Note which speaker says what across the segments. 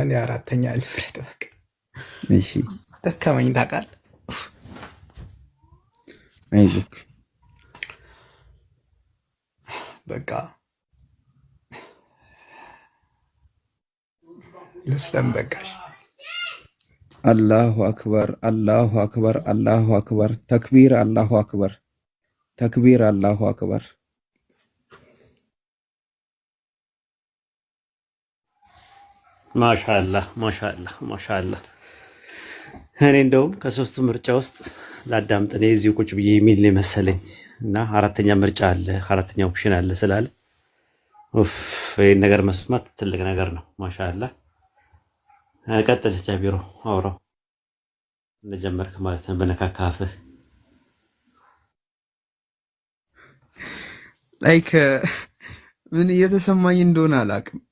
Speaker 1: እኔ አራተኛ ልፍረጥ። በቃ እሺ፣ ደከመኝ ታውቃለህ። አይዞህ በቃ ልስለም። በቃሽ።
Speaker 2: አላሁ አክበር፣ አላሁ አክበር፣ አላሁ አክበር፣ ተክቢር፣ አላሁ አክበር፣ ተክቢር፣ አላሁ አክበር ማሻላ ማሻላ ማሻላ። እኔ እንደውም ከሶስቱ ምርጫ ውስጥ ላዳምጥ እኔ እዚሁ ቁጭ ብዬ የሚል ነው የመሰለኝ እና አራተኛ ምርጫ አለ አራተኛ ኦፕሽን አለ ስላለ ይህን ነገር መስማት ትልቅ ነገር ነው። ማሻላ ቀጥል ቢሮ አውራው እንደጀመርክ ማለት ነው። በነካካፍ
Speaker 1: ላይክ ምን እየተሰማኝ እንደሆነ አላውቅም።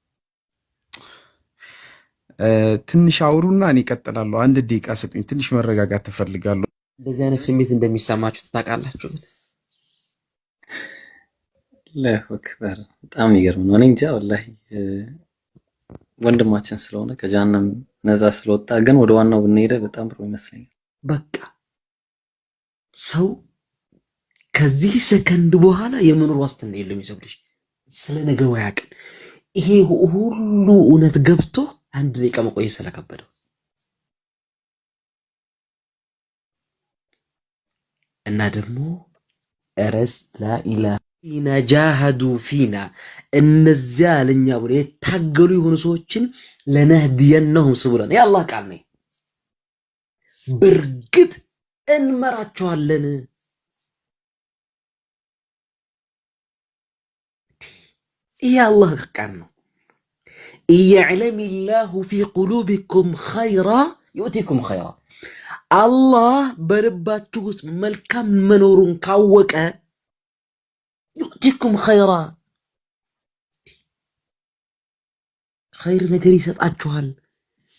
Speaker 1: ትንሽ አውሩና እኔ እቀጥላለሁ። አንድ ደቂቃ ስጡኝ። ትንሽ መረጋጋት ትፈልጋለሁ።
Speaker 3: እንደዚህ አይነት ስሜት እንደሚሰማችሁ ታውቃላችሁ።
Speaker 2: ለክበር በጣም ይገርም ነው። እኔ እንጃ ወላሂ ወንድማችን ስለሆነ ከጃናም ነፃ ስለወጣ ግን ወደ ዋናው ብንሄደ በጣም ጥሩ ይመስለኛል።
Speaker 1: በቃ ሰው ከዚህ ሰከንድ በኋላ የመኖር ዋስትና የለም። የሰው ልጅ ስለ ነገው አያውቅም። ይሄ ሁሉ እውነት ገብቶ አንድ ደቂቃ መቆየት ስለከበደው እና ደግሞ ረስ ላኢላና ጃሃዱ ፊና እነዚያ ለኛ ብሎ የታገሉ የሆኑ ሰዎችን ለነህድየነሁም ስቡለን የአላህ ቃል ነው። በእርግጥ እንመራቸዋለን። ይህ አላህ ቃል ነው። እየዕለም ላሁ ፊ ቁሉቢኩም ኸይራ ዩእቲኩም ኸይራ አላህ በልባችሁ ውስጥ መልካም መኖሩን ካወቀ ዩእቲኩም ኸይራ ኸይር ነገር ይሰጣችኋል።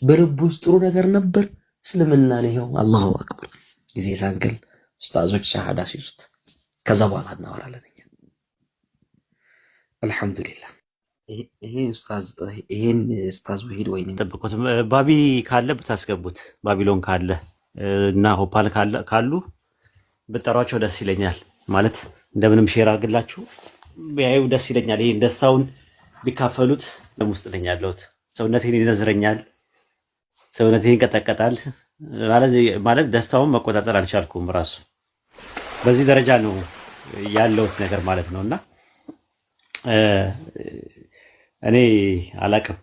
Speaker 1: በልብ ውስጥ ጥሩ ነገር ነበር። እስልምና ይኸው አላሁ አክበር።
Speaker 2: ጊዜ ሳንክል ኡስታዞች ሻሃዳ ሲውስጥ ከዛ በኋላ እናወራለን። አልሐምዱሊላህ ይሄን ስታዝ ሄድ ወይ ጠብቁት። ባቢ ካለ ብታስገቡት ባቢሎን ካለ እና ሆፓል ካሉ ብጠሯቸው ደስ ይለኛል። ማለት እንደምንም ሼር አድርግላችሁ ያዩ ደስ ይለኛል። ይሄን ደስታውን ቢካፈሉት ውስጥ ነኝ ያለሁት። ሰውነቴን ይነዝረኛል፣ ሰውነቴን ይንቀጠቀጣል። ማለት ደስታውን መቆጣጠር አልቻልኩም። ራሱ በዚህ ደረጃ ነው ያለሁት ነገር ማለት ነው እና እኔ አላቅም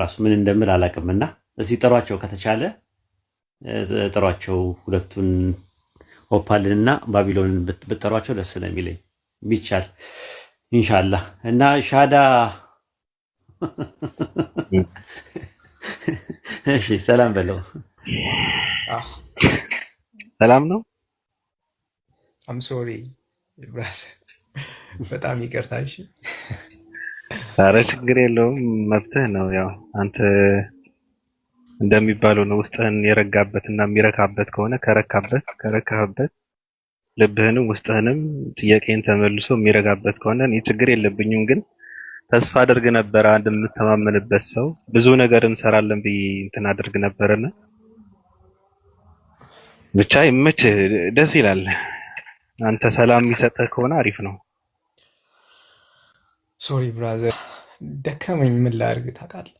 Speaker 2: ራሱ ምን እንደምል አላቅም። እና እስኪ ጥሯቸው ከተቻለ ጥሯቸው፣ ሁለቱን ሆፓልን እና ባቢሎንን ብጠሯቸው ደስ ነው የሚለኝ ቢቻል ኢንሻላ እና ሻዳ እሺ፣ ሰላም በለው።
Speaker 1: ሰላም ነው። አም ሶሪ በጣም ይቅርታ። እሺ
Speaker 2: አረ ችግር የለውም መብትህ ነው። ያው አንተ እንደሚባለው ነው። ውስጥህን የረጋበት እና የሚረካበት ከሆነ ከረካበት ከረካበት ልብህንም ውስጥህንም ጥያቄን ተመልሶ የሚረጋበት ከሆነ እኔ ችግር የለብኝም። ግን ተስፋ አድርግ ነበረ አንድ የምተማመንበት ሰው ብዙ ነገር እንሰራለን ብዬ እንትን አድርግ ነበርና ብቻ ይመችህ፣ ደስ ይላል። አንተ ሰላም የሚሰጥህ ከሆነ አሪፍ ነው።
Speaker 1: ሶሪ ብራዘር ደከመኝ። ምን ላድርግ ታውቃለህ?